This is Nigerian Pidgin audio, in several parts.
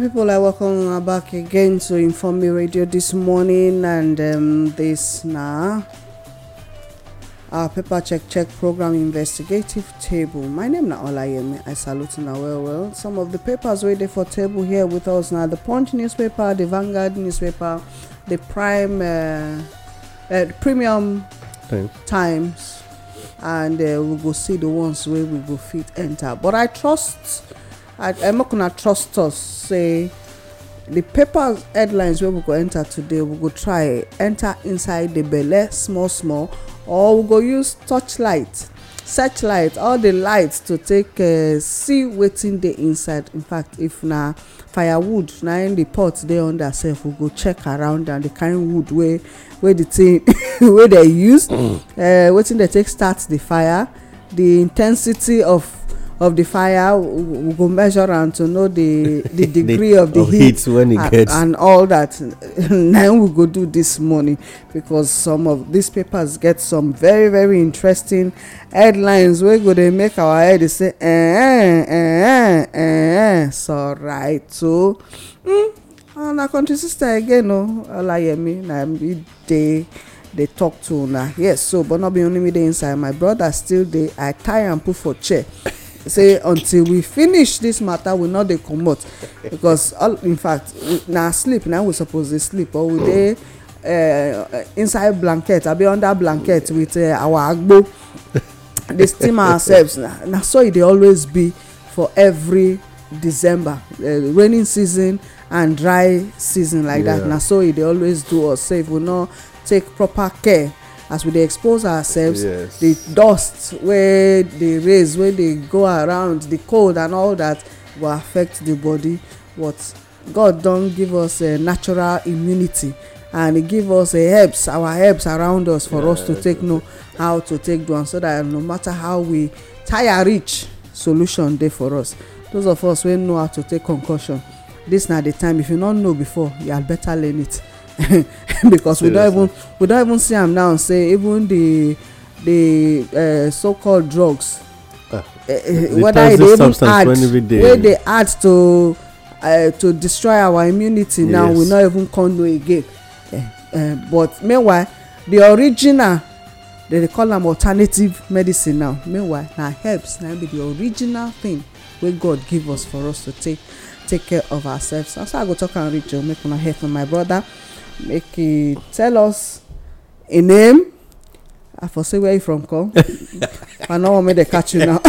people, I welcome back again to Inform Me Radio this morning and um, this now our paper check check program investigative table. My name na Olayemi. I salute na well well. Some of the papers waiting for table here with us now: the Punch newspaper, the Vanguard newspaper, the Prime, uh, uh, Premium Thanks. Times, and uh, we go see the ones where we go fit enter. But I trust. I'm eh, not gonna trust us say the paper headlines where we go enter today we go try enter inside the belle small small or we go use torchlight searchlight all the lights to take eh, see wetin the inside in fact if na firewood na in the pot dey under sef we go check around and the kind wood wey wey the thing wey they use Uh, wetin they take start the fire The intensity of of the fire we go measure am to know the the degree of the heat and all that na we go do this morning because some of these papers get some very very interesting headlines wey go dey make our head dey say eh eh eh, eh, eh. so right so na country sister again o oh, olayemi na me dey dey talk to una yes so but not be only me dey inside my brother still dey i tie am put for chair say until we finish this matter we no dey comot because all in fact na sleep na we suppose dey sleep or we oh. dey eh, inside blanket abi under blanket with eh, our agbo dey steam ourselves na so e dey always be for every december eh, raining season and dry season like that na so e dey always do us say if we no take proper care as we dey expose ourselves yes the dust wey dey raise wey dey go around the cold and all that go affect the body but god don give us a natural immunity and he give us uh, herbs our herbs around us for yeah, us to take know how to take do am so that no matter how we tire reach solution dey for us those of us wey know how to take concussion this na the time if you no know before you had better learn it because we don't even we don't even see am now say even the the uh, so called drugs uh, the whether e dey even add wey dey add to uh, to destroy our immunity yes. now we no even come know again uh, uh, but meanwhile the original they dey call am alternative medicine now meanwhile na herbs na be the original thing wey god give us for us to take take care of ourselves na so i go talk am reach o make una hear from my brother make it tell us a name i for say where you from come i know wan make to catch you now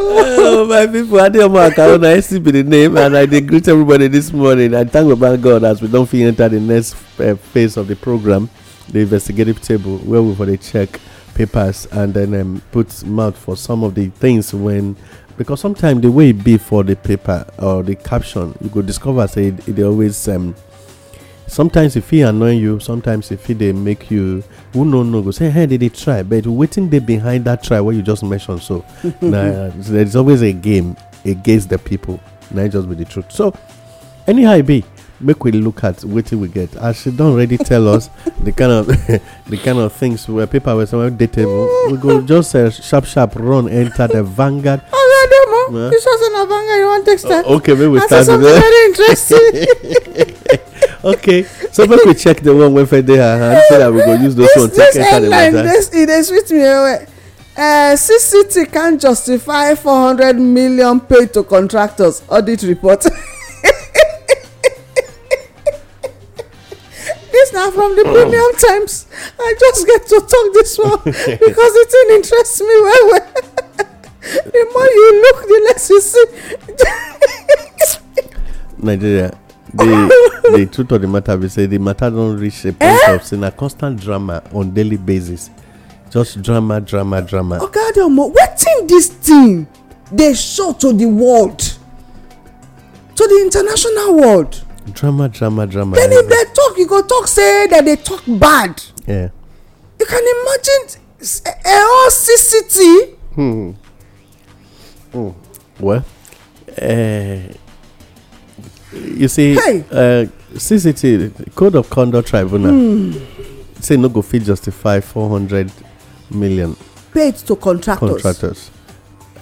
oh my people adeoma I esi be the name and i greet everybody this morning and thank baba god as we don't feel enter the next uh, phase of the program the investigative table where we for the check papers and then um, put mouth for some of the things when because sometimes the way it be for the paper or the caption you could discover say it, it always um, sometimes if he annoy you sometimes if he they make you who no no go say hey did they try but waiting they behind that try what you just mentioned so nah, there's always a game against the people now just be the truth so anyhow it be make we look at what we get as she don't already tell us the kind of the kind of things where paper was somewhere dateable we go just uh, sharp sharp run enter the vanguard oh, Adamo, this ¿Ah? was an Avanga one textile. Oh, okay, maybe we start something very interesting. okay, so make we check the one when they her uh, hand so that we go use those this, one. This headline, this it is with me away. Eh, uh, eh, eh, CCT can't justify four hundred million paid to contractors. Audit report. this now from the premium times. I just get to talk this one because it interest me well. well. It might look the less you see. Nigeria, the the truth of the matter be say the matter don reach a point eh? of say na constant drama on daily basis just drama drama drama. oga okay, adeomo wetin dis thing dey show to the world to the international world. drama drama drama. then if dem talk you go talk say dem dey talk bad. Yeah. you can imagine eh, eh, a whole cct. Hmm. Mm. Well, uh, you see, hey. uh, eh, CCT, Code of Conduct Tribunal, mm. say no go fit justify 400 million paid to contractors. contractors.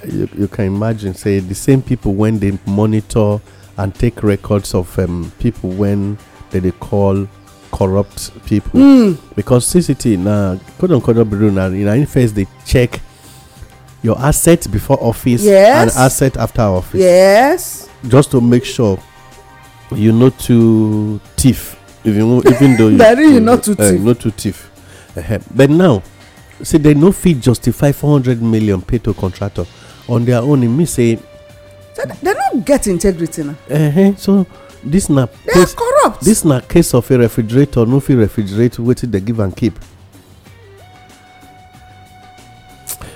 You, you can imagine, say, the same people when they monitor and take records of um, people when they, they call corrupt people. Mm. Because CCT, now, Code of Conduct Bureau, now, in face, they check your asset before office yes. and asset after office. Yes. Just to make sure you know to thief, even even though you, that is you know to uh, eh, thief. Not to thief. Uh-huh. But now, see, they no fee justify 400 million pay to contractor on their own. It means say so they don't get integrity now. Uh-huh. So this na they case, are corrupt. This na case of a refrigerator no fit refrigerate wetin they give and keep.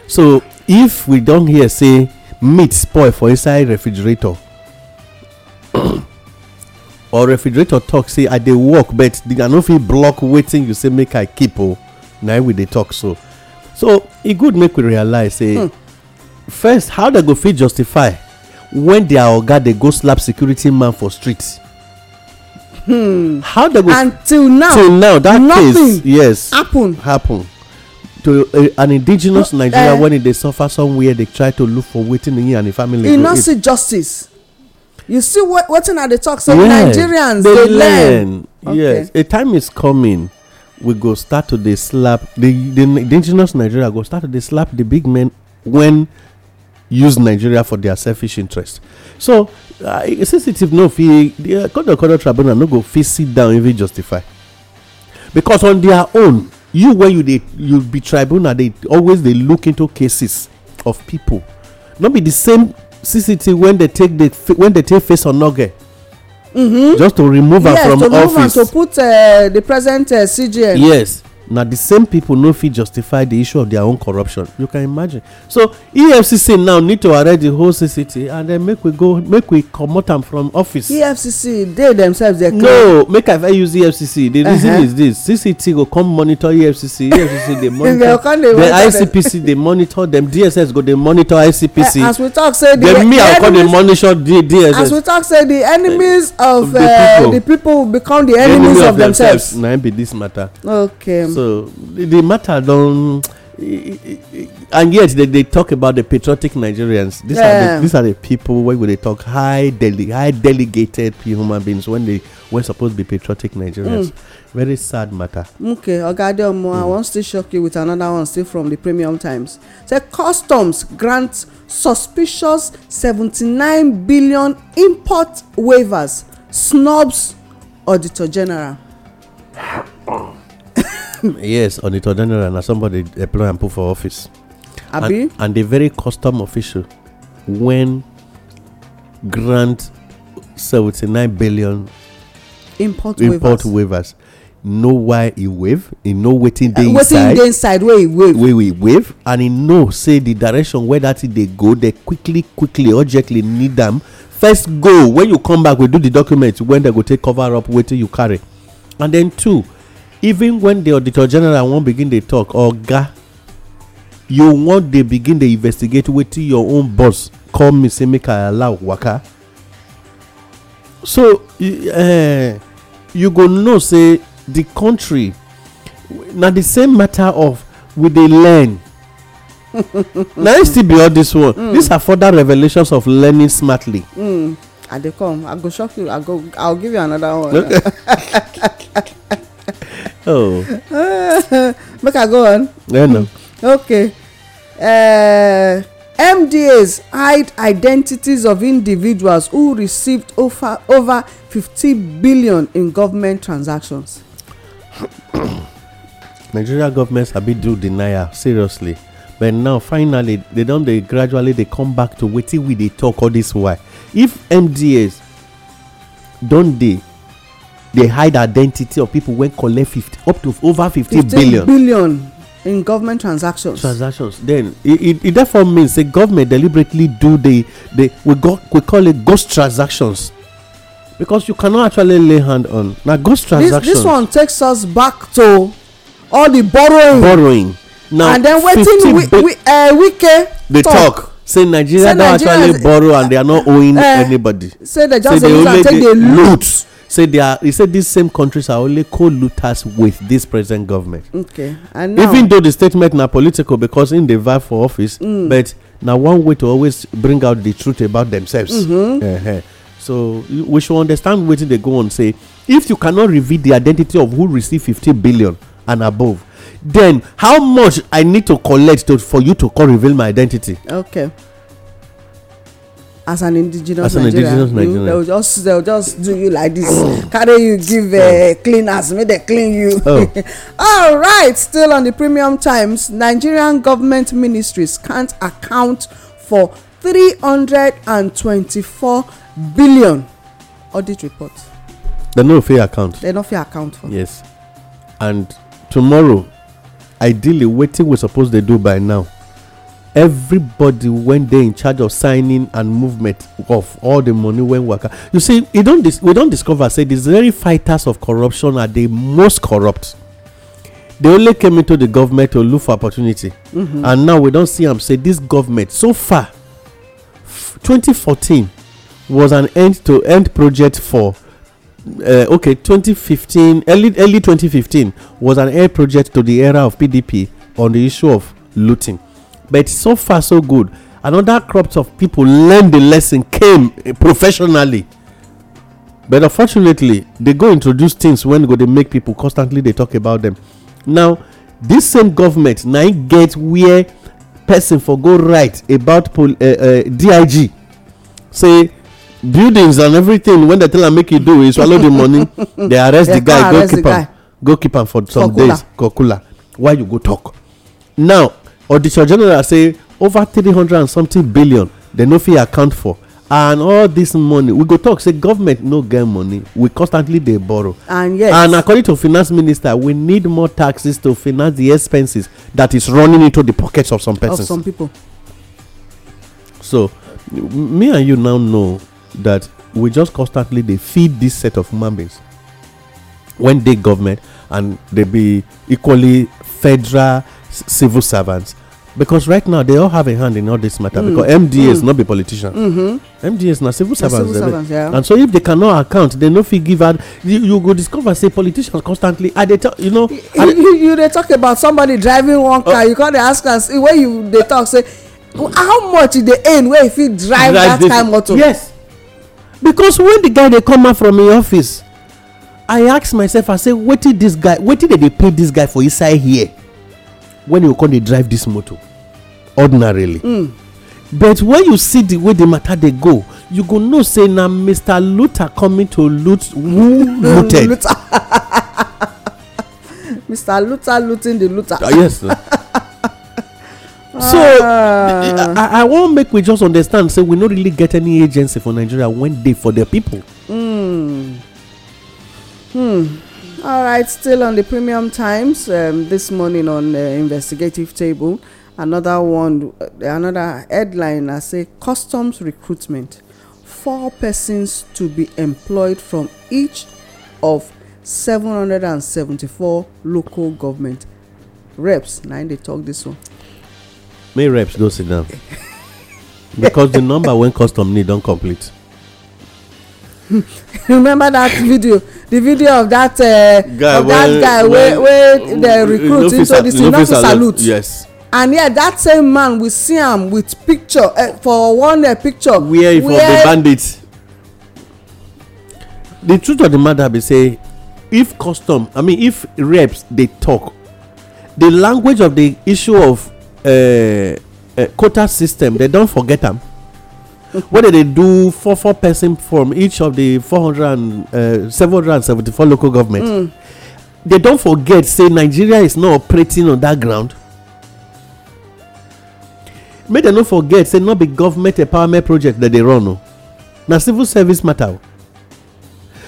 so if we don hear say meat spoil for inside refrigerator or refrigerator talk say i dey work but i no fit block wetin you say make i keep o oh. na we dey talk so so e good make we realize say hmm. first how dem go fit justify when their oga dey go slap security man for street hmm how dem go until now that case yes happen to a, eh, an indigenous nigeria eh, when they suffer somewhere they try to look for wetin e and the family go eat e no see justice you see wetin i dey talk say nigerians dey learn yes a time is coming we go start to dey slap the the indigenous nigeria go start to dey slap the big men when use nigeria for their selfish interest so sensitive no fit the court of conduct tribunal no go fit sit down even justify because on their own you when you dey you be tribunal they always they look into cases of people. Not be the same cct when they take the when they take face on onoge mm-hmm. just to remove her from office yes to remove am to put uh, the present uh, CGM. yes na the same people no fit justify the issue of their own corruption you can imagine so efcc now need to arrest the whole cct and then make we go make we comot am from office efcc dey themselves dey claim no make i fit use efcc the reason uh-huh. is this cct go come monitor efcc efcc dey monitor the icpc dey monitor them dss go dey monitor icpc as we talk say the me i come dey monitor dss as we talk say the enemies of the people uh, become the enemies of themselves na be this matter okay. so so the matter don and yet they they talk about the patriotic nigerians these are the these are the people wey we dey talk high deli high delegated human beings when they wey suppose be patriotic nigerians mm. very sad matter okay oga adeomu i mm. wan still shock you with another one still from the premium times say customs grants suspicious 79 billion import waivers Snobs, auditor general yes, on the third general, and somebody employ and put for office. Abi? And, the very custom official, when grant seventy nine billion import, import waivers. waivers. know why he wave he know wetin dey uh, inside wetin dey inside wey he wave wey we wave and he know say the direction wey that thing dey go dey quickly quickly urgently need am first go when you come back we do the document when dem go take cover up wetin you carry and then two even when the auditor general wan begin dey tok oga you wan dey begin dey investigate wetin your own boss call me say make i allow waka so eh, you go know say the country na the same matter of we dey learn na it still be all this one hmm. these are further revelations of learning smartly hmm. i dey come i go shock you i go i'll give you another one oh make i go on yeah no okay uh, mdas hide identities of individuals who received over over fifty billion in government transactions nigeria government sabi do denial seriously but now finally they don dey gradually dey come back to wetin we dey talk all this while if mdas don dey dey hide identity of people wey collect 50 up to over fifty billion 15 billion in government transactions transactions then e e therefore mean say government deliberately do the the we go we call it ghost transactions because you cannot actually lay hand on na ghost transactions this this one takes us back to all the borrowing borrowing now and then wetin we we uh, wike dey talk say nigeria don actually borrow and they are not owing eh, anybody say they just dey use am take dey loot say they are he said these same countries are only co-looters with this present government okay and now, even though the statement na political because in the vie for office mm. but na one way to always bring out the truth about themselves mm-hmm. uh-huh. so we should understand wetin dey go on say if you cannot reveal the identity of who receive fifty billion and above then how much i need to collect to for you to come reveal my identity okay as an indigenous as nigerian you they just they just do you like this carry you give uh, cleaners make they clean you oh. all right still on the premium times nigerian government ministries can't account for three hundred and twenty-four billion audit report. dem no fit account. dem no fit account for. yes and tomorrow ideally wetin we suppose dey do by now everybody when they in charge of signing and movement of all the money when worker you see we don't dis- we don't discover say these very fighters of corruption are the most corrupt they only came into the government to look for opportunity mm-hmm. and now we don't see them say this government so far f- 2014 was an end to end project for uh, okay 2015 early early 2015 was an end project to the era of pdp on the issue of looting but so far so good another crop of people learn the lesson came eh, professionally but unfortunately they go introduce things when go they make people constantly they talk about them now this same government now get where person for go write about pol uh, eh, uh, eh, dig say buildings and everything when they tell am make you do is swallow the money they arrest the guy go keep am go keep am for some days kokula why you go talk now auditor general say over three hundred and something billion They no fit account for and all this money we go talk say government no get money we constantly dey borrow and yes and according to finance minister we need more taxes to finance the expenses that is running into the pockets of some persons of some people. so me and you now know that we just constantly dey feed this set of human beings when dey government and dey be equally federal civil servants because right now they all have a hand in all this matter mm. because mdas mm. not be politicians mm-hmm. mdas na civil servants civil servants, yeah. and so if they cannot account they no fit give out you, you go discover say politicians constantly i dey talk you know. you you, you dey talk about somebody driving one car uh, you come dey ask am say wey you dey talk say how much you dey earn wey you fit drive, drive that this, kind motor. yes because when the guy dey come out from im office i ask myself i say wetin dis guy wetin dey dey pay dis guy for inside here when you come dey drive this motor ordinarily hmm. but when you see the way the matter dey go you go know say na mr luther coming to loot who looted mr luther looting the luther ah, yes so ah. i I wan make we just understand say we no really get any agency for nigeria wen dey for their people. pipo hmm, hmm. All right, still on the premium times um, this morning on the uh, investigative table. Another one, uh, another headline I say customs recruitment. Four persons to be employed from each of 774 local government reps. Now they talk this one. May reps go sit down because the number when custom need don't complete. remember that video the video of that uh, guy of that when, guy wey wey dey recruit into this thing not to salute yes and yet that same man we see am with picture uh, for one uh, picture where he for the bandit the truth of the matter be say if custom i mean if reps dey talk the language of the issue of uh, uh, quota system they don forget am wey they do four four person from each of the four hundred and uh, seven hundred seventy-four local government mm. they don't forget say nigeria is not operating on that ground make dem not forget say not be government empowerment project that they run o na civil service matter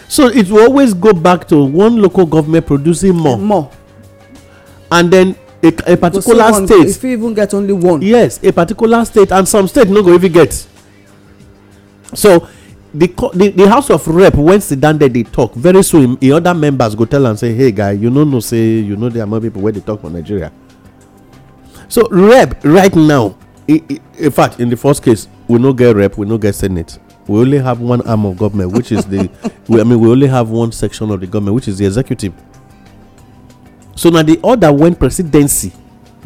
so it will always go back to one local government producing more more and then a a particular state you fit even get only one yes a particular state and some state no go even get so the the house of rep wen sit down there dey talk very soon the other members go tell am say hey guy you know no say you know there are more people where they talk for nigeria so rep right now in fact in the first case we no get rep we no get senate we only have one arm of government which is the we, i mean we only have one section of the government which is the executive so now the order when presidency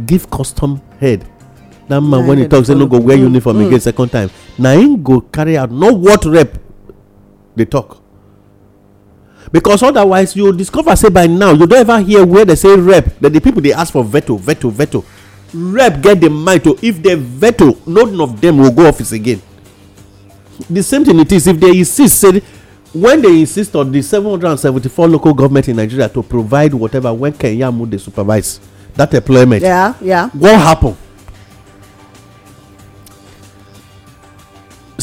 give custom head that man when he talk say no go wear mm, uniform again mm. second time na him go carry out no word rep dey talk because otherwise you discover say by now you don ever hear where they say rep that the people dey ask for veto veto veto rep get the mind to if they veto none of them will go office again the same thing it is if they insist say when they insist on the 774 local government in nigeria to provide whatever when Kenya kenyamu dey supervise that employment yeah yeah what happen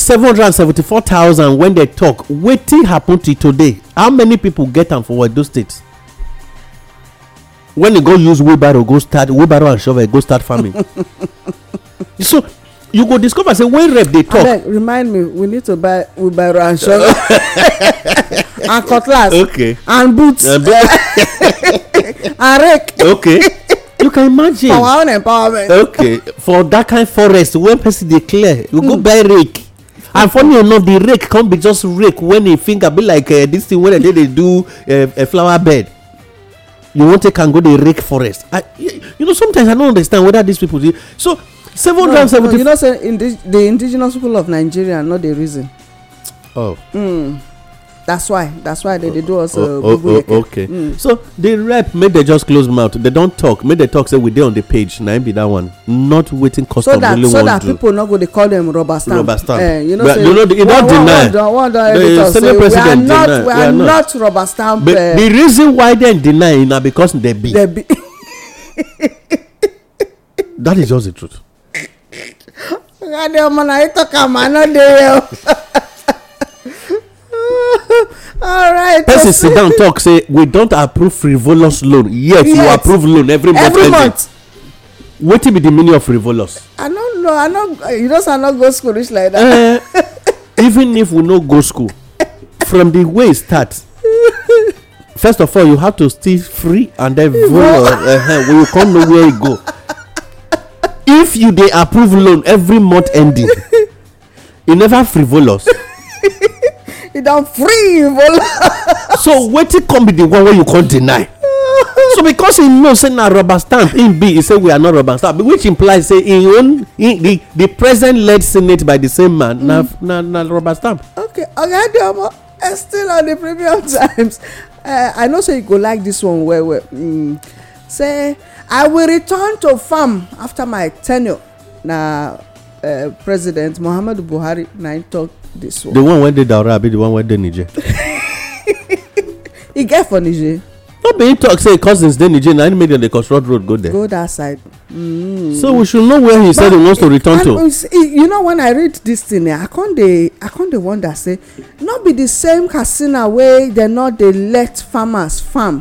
seven hundred and seventy-four thousand when they talk wetin happen till today how many people get am for edo state when e go use wheelbarrow go start wheelbarrow and shovel go start farming so you go discover say when rep dey talk. abeg remind me we need to buy wheelbarrow and shovel and cutlass okay. and boots and, and rake. okay you can imagine. for our own empowerment. okay for that kind of forest when person dey clear you mm. go hmm. buy rake and funny enough the rake come be just rake when e finger be like uh, this thing wey dem dey do uh, flower bed you wan take am go dey rake forest i you know sometimes i no understand whether these people dey so seven hundred and seventy. no you know say the indigenous people of nigeria no dey reason. oh. Mm that's why that's why they dey do us uh, google oh, okay mm. so the rep make dem just close mouth dem don talk make dem talk say we dey on the page na im be that one not wetin custom really wan do so that people no go dey call dem rubber stamp rubber stamp eh, you know say no no e don deny We are not. deny we are not rubber stamp but eh. the reason why dem deny na because dem be that is just the truth. God, I'm not talking. I'm not there. all right person sit down talk say we don't approve frivolous loan yet you approve loan every month every month wetin be the meaning of frivolous i no know i no you know say i no go school reach like that uh, even if we no go school from the way e start first of all you have to stay free and then vol uh, when you come know where e go if you dey approve loan every month ending you e never frivolous e don free him for last. so wetin come be the one wey you come deny so because he know say na rubber stamp him be he say we are not rubber stamp which implies say him own him the the present led senate by the same man mm. na na na rubber stamp. okay ogadeomo okay, eh, still on the premium times uh, i know say you go like this one well well mm. say i will return to farm after my ten ure na uh, president muhammadu buhari na him talk this one. the one wey dey daura be the one wey dey niger. e get for niger. no be him talk say cousins dey niger na him make dem dey construct road go there. go that side. Mm. so we should know where he but said he wants to return to. you know when i read this thing eh, i con dey i con dey wonder say no be the same casino wey dem no dey let farmers farm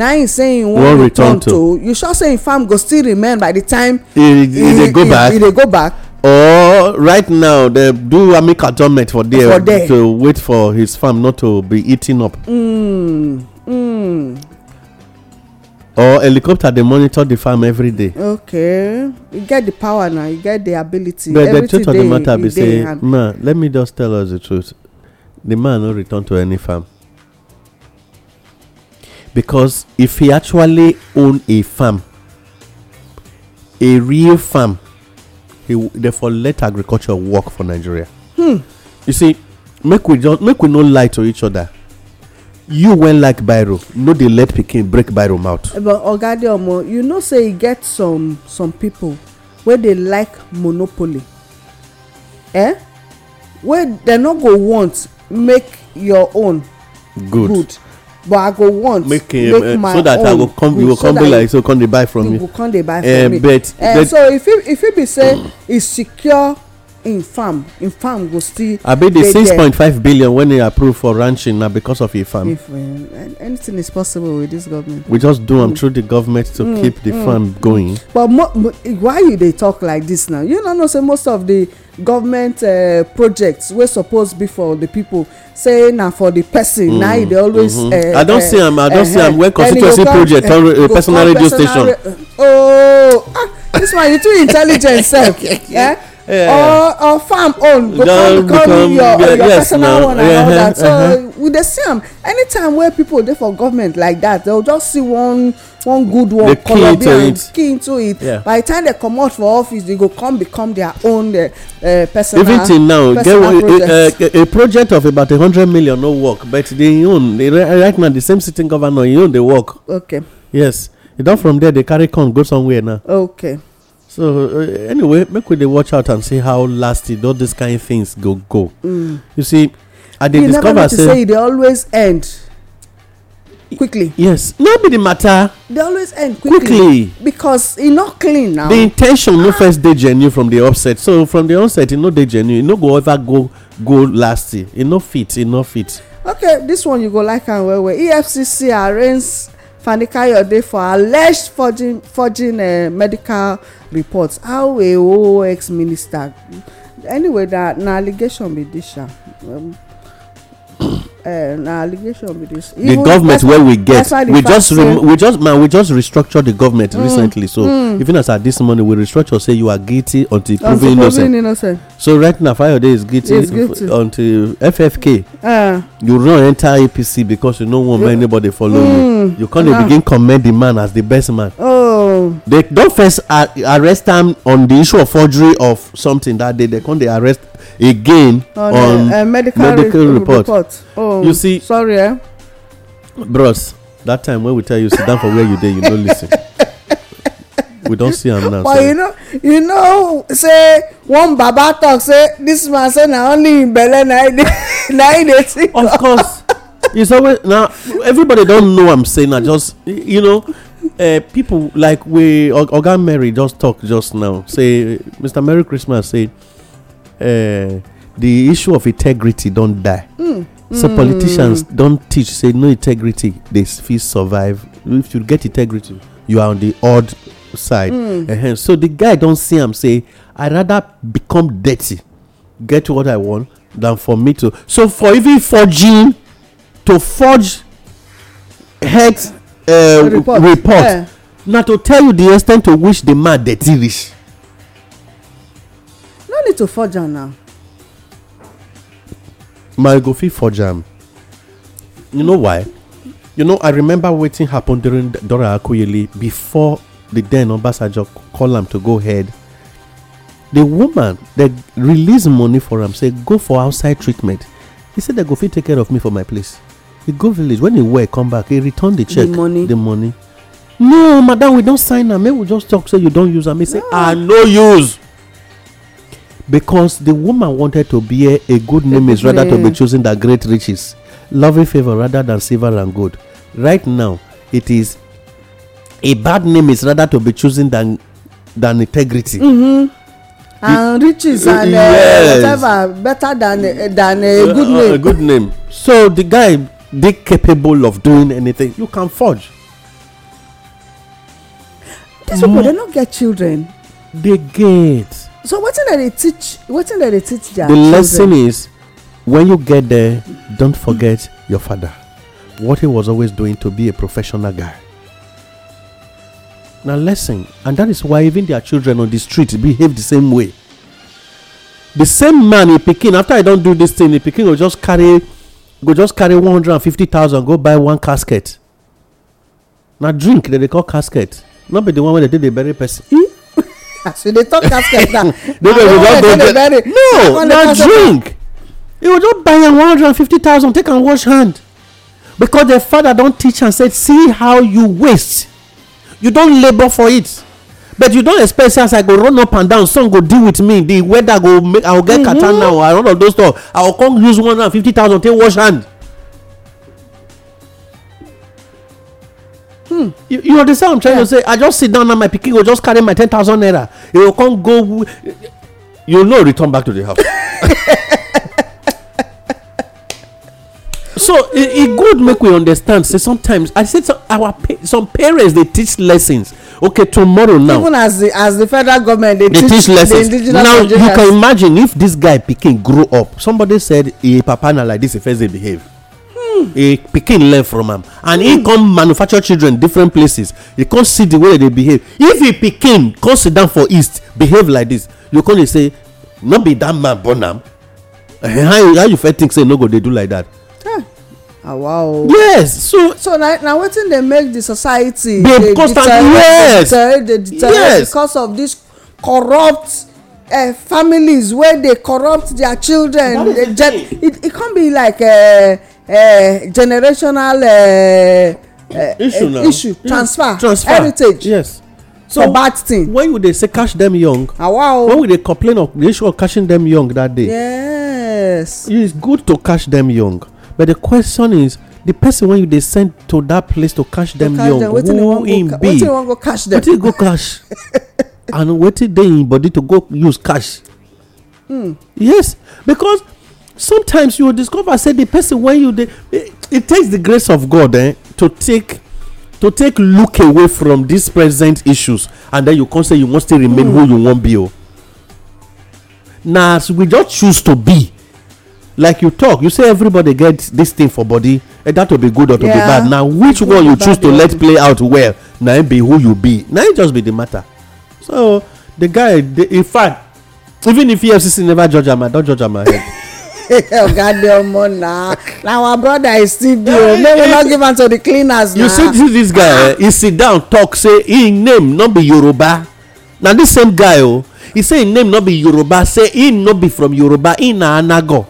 na him say him wan return to you sure say him farm go still remain by the time he he he go back or right now they do amik adjournment for there to wait for his farm not to be eaten up. Mm, mm. or helicopter dey monitor the farm every day. okay you get the power now you get the ability but everything the truth of the matter be say ma let me just tell us the truth the man no return to any farm because if he actually own a farm a real farm they they let agriculture work for nigeria hmm. you see make we just make we no lie to each other you wen like biro no dey let pikin break biro mouth. Eh, but oga adeomo you know say e get some some people wey dey like monopoly eh wey dem no go want make your own good, good but i go want make uh, uh, my own so that i go come you go come be like so come dey buy from me you go come dey buy eh, from me eh, but so if it be say e secure In farm in farm go still abi the six point five billion wey they approve for ranching na because of im farm if uh, anything is possible with this government we just do am mm. through the government to mm, keep di mm. farm going but why you dey talk like this now you no know say most of the government uh, projects wey suppose be for di pipo say na for the person na e dey always mm-hmm. uh, i don see am i don see am when constituency project on personal radio station oh ah, this one you too intelligent sef yeah yeah. or or farm own go come become your your personal one and all that so we dey see am anytime wey people dey for government like that dem just see one one good one colombian key into it by the time dem comot for office they go come become their own uh, uh, personal even till now get a project of about a hundred million no work but they own They right now the same sitting governor He own dey work okay yes e don from there dey carry con go somewhere now okay. So uh, anyway, make we they watch out and see how lasting all these kind of things go go. Mm. You see, I did discover say, say they always end quickly. Yes, no be the matter. They always end quickly, quickly. because it's e not clean now. The intention ah. no first day genuine from the offset. So from the onset, it e no day genuine. It e no go ever go go lasting. It no fit. It no fit. Okay, this one you go like and well well. EFCC arranges fani kayode for alleged forging forging eh, medical reports. how a ox minister anyway na allegation be dis um, Eh, na allegation be this the government wey we get we just we just man we just restructure the government mm, recently so mm. even as at this morning we restructure say you are guilty until proven innocent so right now fayode is guilty until ffk ah. you run enter apc because you no wan make anybody follow you mm. you con dey begin commend the man as the best man oh they don first arrest am on the issue of forgery of something that day they con dey arrest again on eh, eh, medical report oh you oh, see sorry eh bros that time when we tell you sit down for where you there, you don't listen we don't see him now but you know you know say one baba talk say this man say na only him belle na him dey of course it's always now everybody don't know I am saying. I just you know eh, people like we oga mary just talk just now say mr merry christmas say uh, the issue of integrity don't die hmm. so hmm. politicians don teach say no integrity dey fit survive if you get integrity you are on the odd side -huh. Hmm. so the guy don see am say i rather become dirty get what i want than for me to so for even forging to forge health eh, report na to tell you the extent to which the man dirty reach no need to forge am now my go fit forge am you know why you know i remember wetin happen during dora akuyele before the then obasanjo call am to go head the woman dey release money for am say go for outside treatment he say dem go fit take care of me for my place he go village when he wear come back he return the check the money the money no madam we don sign am make we just talk say you don use am he say i no use because the woman wanted to bear a good name is rather to be chosen than great riches, loving favor rather than silver and gold. Right now, it is a bad name is rather to be chosen than than integrity. Mm-hmm. and riches uh, and uh, yes. whatever better than uh, than a uh, good name. a good name. So the guy they capable of doing anything. You can forge. These people mm. they not get children. They get so wetin dem dey teach wetin dem dey teach their the children. the lesson is when you get there don't forget your father what he was always doing to be a professional guy na lesson and that is why even their children on the street behave the same way the same man he pikin after i don do this thing he pikin go just carry go just carry one hundred and fifty thousand go buy one casket na drink dem dey call casket no be the one wey dey dey bury person. E So they dey talk casket now no no we don go get no na drink you go just buy am one hundred and fifty thousand take am wash hand because the father don't teach and said, see how you waste you don't labor for it but you don't expect as i go run up and down sun go deal with me the weather go make i go get mm -hmm. katana or all of those stuff i go come use one hundred fifty thousand take wash hand hmm you you understand what i'm trying to say i just sit down now my pikin go just carry my ten thousand naira e go come go you no return back to the house so e, e good make we understand say sometimes i say our some parents dey teach lessons okay tomorrow now even as the as the federal government dey teach lessons now you can imagine if this guy pikin grow up somebody said e papa na like this e first dey behave a pikin learn from am and he hmm. come manufacture children different places He come see the way they behave if e pikin come sit down for east behave like this you come dey say no be that man born am how eh, how you fit think say no go dey do like that. Ah, wow yes so so na wetin dey make di society dey deteriorate yes yes. because of dis corrupt eh, families wey dey corrupt their children it it come be like eh, uh, generational uh, uh, issue now mm. transfer transfer heritage yes so bad thing when you dey say cash dem young when we dey complain of the issue of cashing dem young that day yes it is good to cash dem young but the question is the person wey you dey send to that place to cash dem young who im be wetin you wan go cash dem wetin go cash? and wetin dey im body to go use cash. catch hmm. yes because sometimes you will discover say the person when you dey it, it takes the grace of god eh, to take to take look away from these present issues and then you come say you must still remain mm. who you wan be o oh. na as we just choose to be like you talk you say everybody get this thing for body eh, that to be good or to yeah. be bad na which good one you choose to let play out well na him be who you be na him just be the matter so the guy the, in fact even if efcc never judge am i don judge am ahead. oga de omo na our brother is still be o make we no give am to the cleaners na. you see see this guy eh he sit down talk say him name no be yoruba na this same guy o oh, he say him name no be yoruba say him no be from yoruba him na anago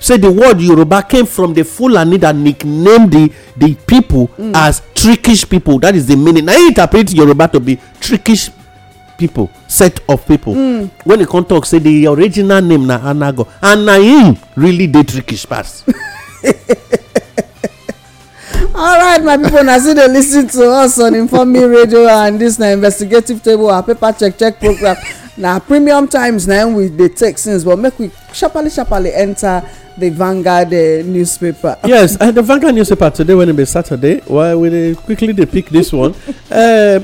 say the word yoruba came from the fulani that nicknamed the the people mm. as trickish people that is the meaning na he interpret yoruba to be trickish people set of people when e come talk say the original name na anago and na him really dey trickish pass All right, my people, na still dey listen to us on informe radio and this na investigative table our paper check check program na premium times na we dey take since but make we sharparly sharparly enter the vanguard eh, newspaper yes the vanguard newspaper today wen e be saturday we quickly dey pick this one eh,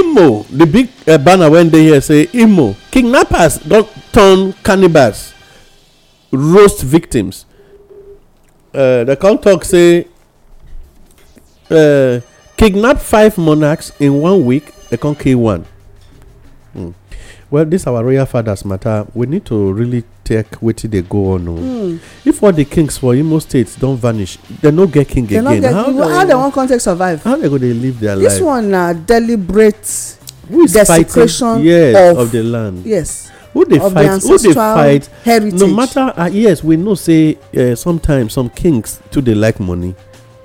imo the big uh, banner when they here say imo kidnappers don't turn cannibals roast victims uh, The come tok say uh, kidnap five monarchs in one week They come kill one hmm. well this our royal fathers matter we need to really take did they go on no? Oh? Hmm. if all the kings for imo state not vanish they no get king again how they one context survive how they go They live their life This one na deliberate desecration of the land yes who dey fight who dey fight no matter uh, yes we know say uh, sometimes some kings too they like money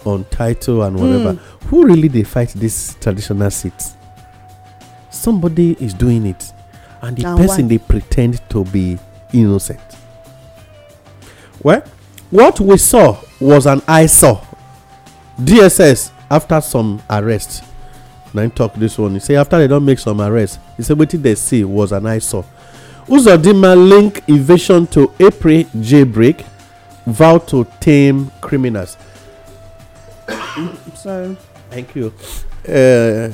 on title and whatever hmm. who really they fight this traditional seat somebody is doing it and the person they pretend to be innocent. Well, what we saw was an eyesore. DSS, after some arrest. na talk this one. He say after they don't make some arrest, he say wetin they see was an eyesore. Uzodinma link evasion to April jailbreak, vow to tame criminals. Sorry. Thank you. Uh,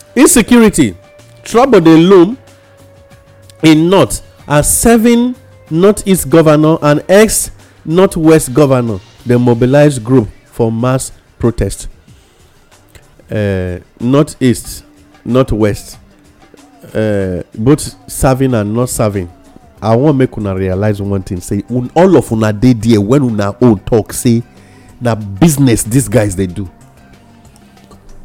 insecurity, trouble they loom in not as serving northeast governor and ex northwest governor the mobilize group for mass protest uh, northeast northwest uh, both serving and not serving i wan make una realize one thing say all of una dey there when una own talk say na business these guys dey do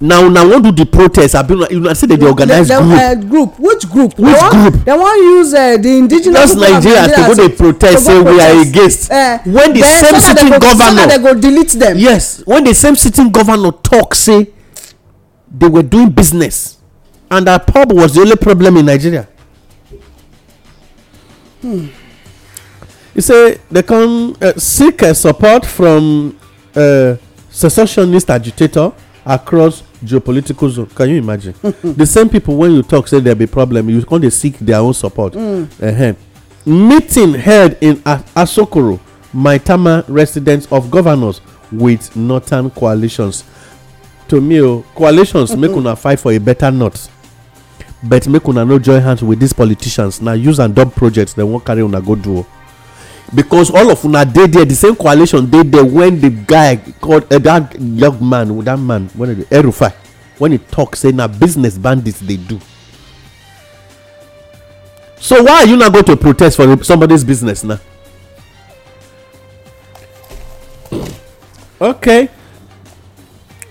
na una wan do the protest abi una say dem dey organize group. Uh, group which group. which group. dem wan use uh, the indigenous people of nigeria to go dey protest say we are against. Uh, when the same sitting governor so yes when the same sitting governor talk say they were doing business and that pub was the only problem in nigeria. Hmm. You say they come uh, seek uh, support from uh, secessionist agitator across geopolitical zone can you imagine the same people when you talk say there be problem you can't dey seek their own support mm. uh-huh. meeting held in asokoro maitama residence of governors with northern coalitions to me oh, coalitions make una fight for a better north but make una no join hands with these politicians Now use and dump projects they won't carry on a good duo because all of una dey there the same coalition dey there when the guy called uh, that young man that man when the erufai when he talk say na business bandits dey do so why you not go to protest for somebody's business now okay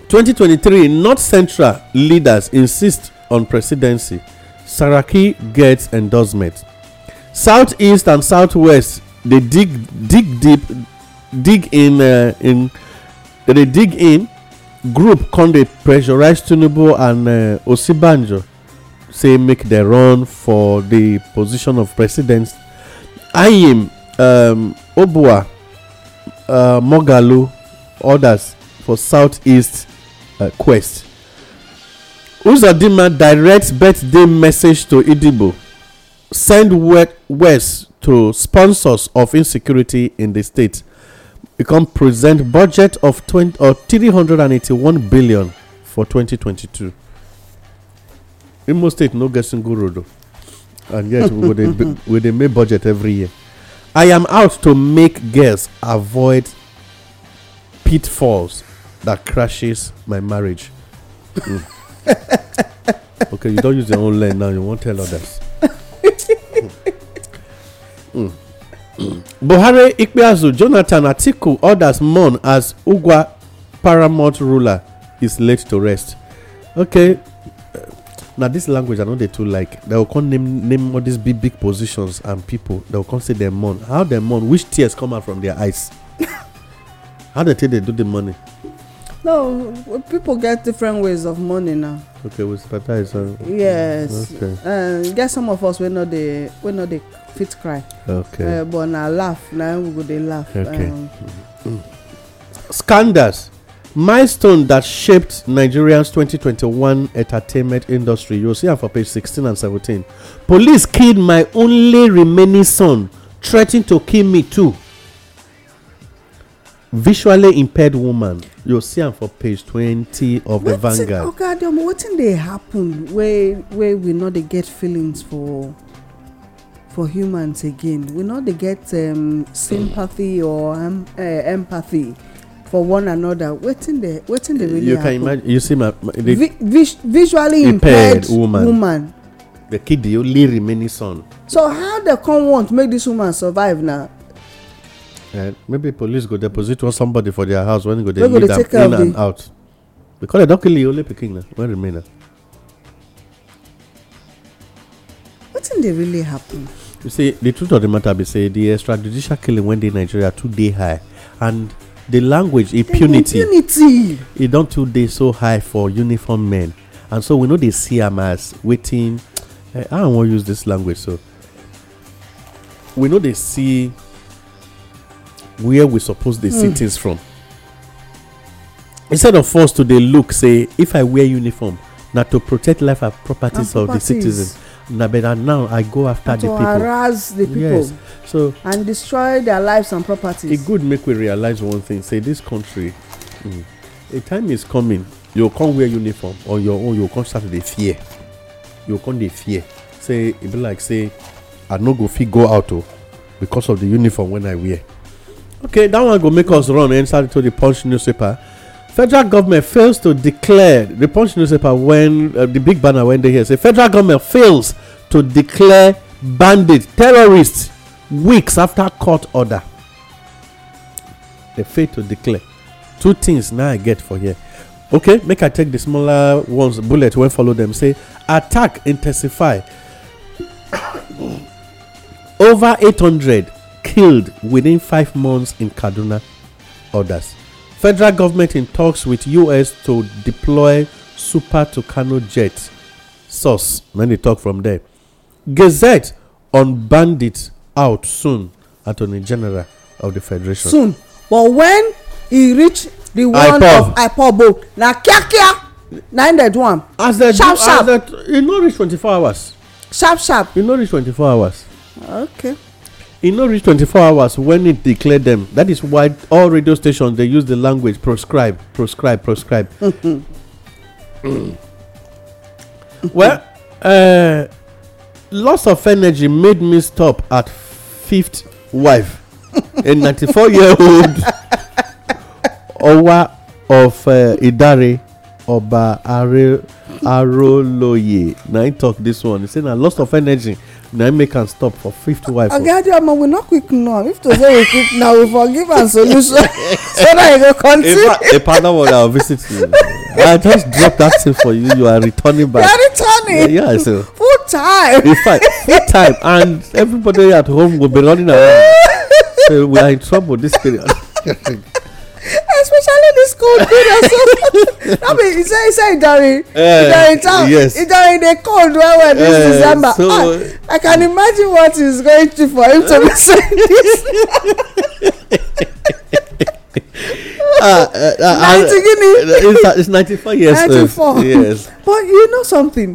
2023 north central leaders insist on presidency saraki gets endorsement southeast and southwest they dig dig deep dig in uh, in they dig in group come dey pressurize tinubu and uh, osinbajo say make dem run for the position of president ayim um, obua uh, mogalu others for southeast uh, quest uzodinma direct birthday message to idibo send west to sponsors of insecurity in the state become present budget of 20 or uh, 381 billion for 2022 imo state no guessing guru road and yet we dey we make budget every year i am out to make girls avoid pitfalls that crashes my marriage mm. okay you don't use your own lane now you won't tell others Buhari, Ikpeazu, Jonathan, Atiku, others mourn as Ugwa paramount ruler is laid to rest. Okay, eh, na this language i no dey too like they go come name name all these big big positions and people they go come say dem mourn how dem mourn which tears come out from their eyes how dem take dey do the money? no people get different ways of mourning now. okay we sympathize. Uh, yes okay. uh, get some of us wey no dey wey no dey fit cry okay eh, but na laugh na we go dey laugh um, mm. scandals milestone that shaped nigerians 2021 entertainment industry you'll see am for page 16 and 17 police killed my only remaining son threatening to kill me too visually impaired woman you'll see am for page 20 of the vanguard oga adeomu wetin dey happen wey we no dey get feelings for for humans again we no dey get um, sympathy or um, uh, empathy for one another wetin dey wetin dey really you happen. you can imagine you see my. my the Vi vis visually impaired, impaired woman, woman. the kid the only remaining son. so how dey come want make this woman survive na. Uh, eh, maybe police go deposit one somebody for their house when go dey lead am in the... and out because dem don kill the only pikin na wey remain na. wetin dey really happen. You see, the truth of the matter be say the extrajudicial killing when they Nigeria too day high, and the language impunity, impunity. it don't too day so high for uniform men, and so we know they see them as waiting. Eh, I don't want to use this language, so we know they see where we suppose they mm. see hmm. things from. Instead of force, to the look say, if I wear uniform, not to protect life and properties, and properties. of the citizens. Now, but now I go after the people. To harass the people. Yes. So and destroy their lives and properties. It good make we realize one thing. Say this country, mm, a time is coming. You can't wear uniform on your own. You can't start the fear. You can't the fear. Say it be like say, I no go fit go out oh, because of the uniform when I wear. Okay, that one go make us run inside to the punch newspaper. federal government fails to declare the punch newspaper when uh, the big banner when they here say federal government fails to declare bandit terrorists weeks after court order they fail to declare two things now i get for here okay make i take the smaller ones bullet when follow them say attack intensify over 800 killed within five months in kaduna orders Federal government in talks with US to deploy Super Tucano jets. Source, many talk from there. Gazette on bandits out soon, Attorney General of the Federation. Soon. But when e reach the one IPOB. of ipobo na kíákíá na im dey do am. as dem do As sharp e no reach twenty-four hours. sharp sharp. e no reach twenty-four hours. okay it e not reach four hours when it e declare them that is why all radio stations they use the language prescribe prescribe prescribe well uh, loss of energy made me stop at fifth wife a ninety four year old owa of uh, idare oba aroloye na him talk this one he say na loss of energy na im make am stop for fifth wife oga adeoma we no quick now if to say we quick now we forgive am solution so na e go continue a partner one i visit you i just drop that thing for you you are returning back you are returning yeah, yeah so full time in fact full time and everybody at home will be running around so we are in trouble this period especially this cold period so no be he say he say idanrin idanrin town idanrin dey cold well well this uh, december so, ah i can imagine what is going through for him to be saying this. uh, uh, uh, 90 guinea. Eh, eh, it's, it's four years old. Ninety four, yes but you know something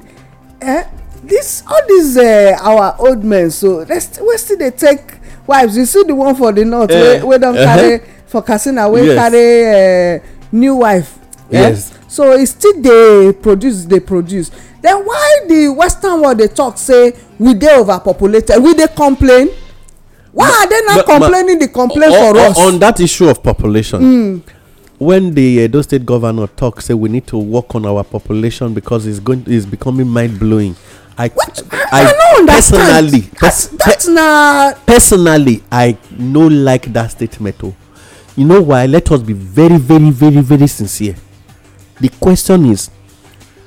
eh this all these uh, our old men so they st we still dey take wives you see the one for the north uh, wey wey don Uh -huh for katsina wey carry eh, new wife eh? yes so e still dey produce dey produce then why the western world dey talk say we dey overpopulated we dey complain why are they not complaining the complaint for us on that issue of population hmm. when the edo state governor talk say we need to work on our population because it's going it's becoming mind-blowing i i personally understand not personally i no like that statement o oh you know why let us be very very very very sincere the question is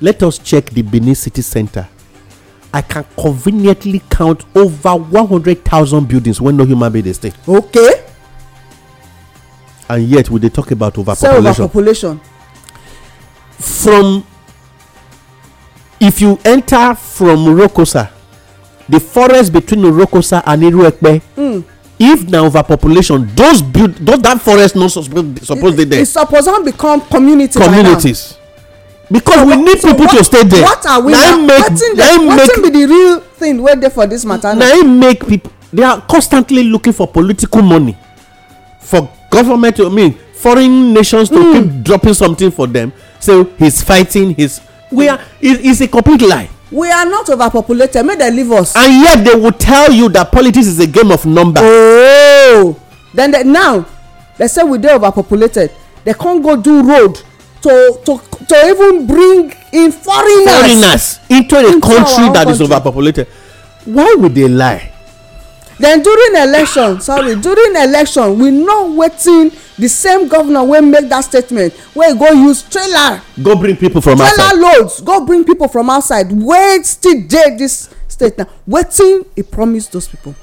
let us check the benin city center i can conveniently count over one hundred thousand buildings wey no human being dey stay. okay. and yet we dey talk about overpopulation. say overpopulation. from if you enter from rokosa the forest between rokosa and iruepe. Mm if na overpopulation those build those that forest no suppose dey there e suppose don become community communities because we need people to stay there what are we now im make wetin be the real thing wey dey for this matter na im make people they are constantly looking for political money for government to mean foreign nations to hmm. keep dropping something for them. say he's fighting his we are It is a complete lie we are not overpopulated make dem leave us. and yet they will tell you that politics is a game of numbers. ooo oh, then they, now they say we dey overpopulated they come go do road to to to even bring in foreigners. foreigners into a into country that country. is overpopulated why would they lie. then during election sorry during election we know wetin the same governor wey make that statement wey go use trailer go bring people from trailer outside trailer loads go bring people from outside wey still dey this state now wetin e promise those people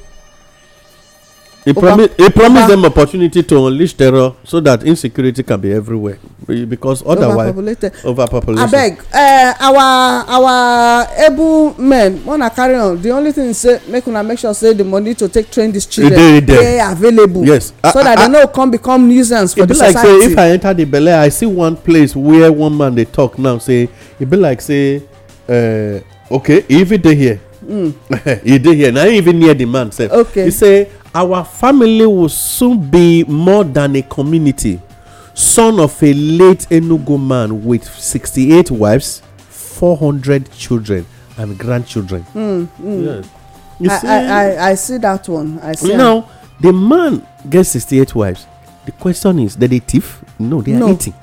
He, promi- he promised them opportunity to unleash terror so that insecurity can be everywhere because otherwise overpopulated. overpopulation. abeg uh, our our able men wanna carry on the only thing say make una make sure say the money to take train these children dey available yes so I, that I, they no come become nuisance for the society. e be like say if i enter the belle i see one place where one man dey talk now say e be like say uh, okay if e dey here. Mm. e dey here na even near the man sef. okay he say Our family will soon be more than a community. Son of a late Enugu man with 68 wives, 400 children, and grandchildren. Mm, mm. Yes. You I, see? I, I, I see that one. I see now, that. the man gets 68 wives. The question is, did they thief? No, they are no. eating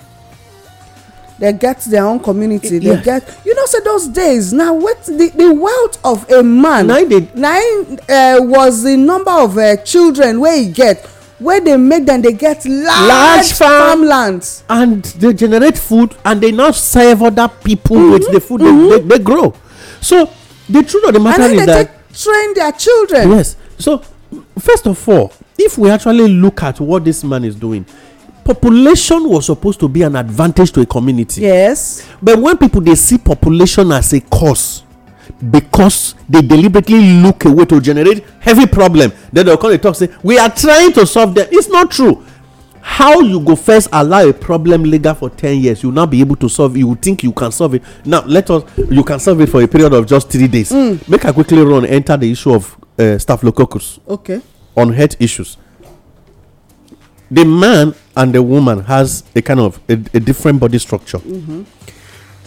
they get their own community they get you know say those days na the the wealth of a man na him uh, was the number of uh, children wey he get wey dey make dem dey get large large farmlands and dey generate food and dey now serve other pipo with the food dey mm-hmm. grow so the truth of the matter is that and then dey train their children yes so first of all if we actually look at what this man is doing population was supposed to be an advantage to a community. Yes. But when people they see population as a cause because they deliberately look away to generate heavy problem, then they'll come and talk say we are trying to solve them. It's not true. How you go first allow a problem legal for ten years, you now be able to solve You think you can solve it. Now let us you can solve it for a period of just three days. Mm. Make a quickly run, enter the issue of uh, staphylococcus. Okay. On health issues the man and the woman has a kind of a, a different body structure mm-hmm.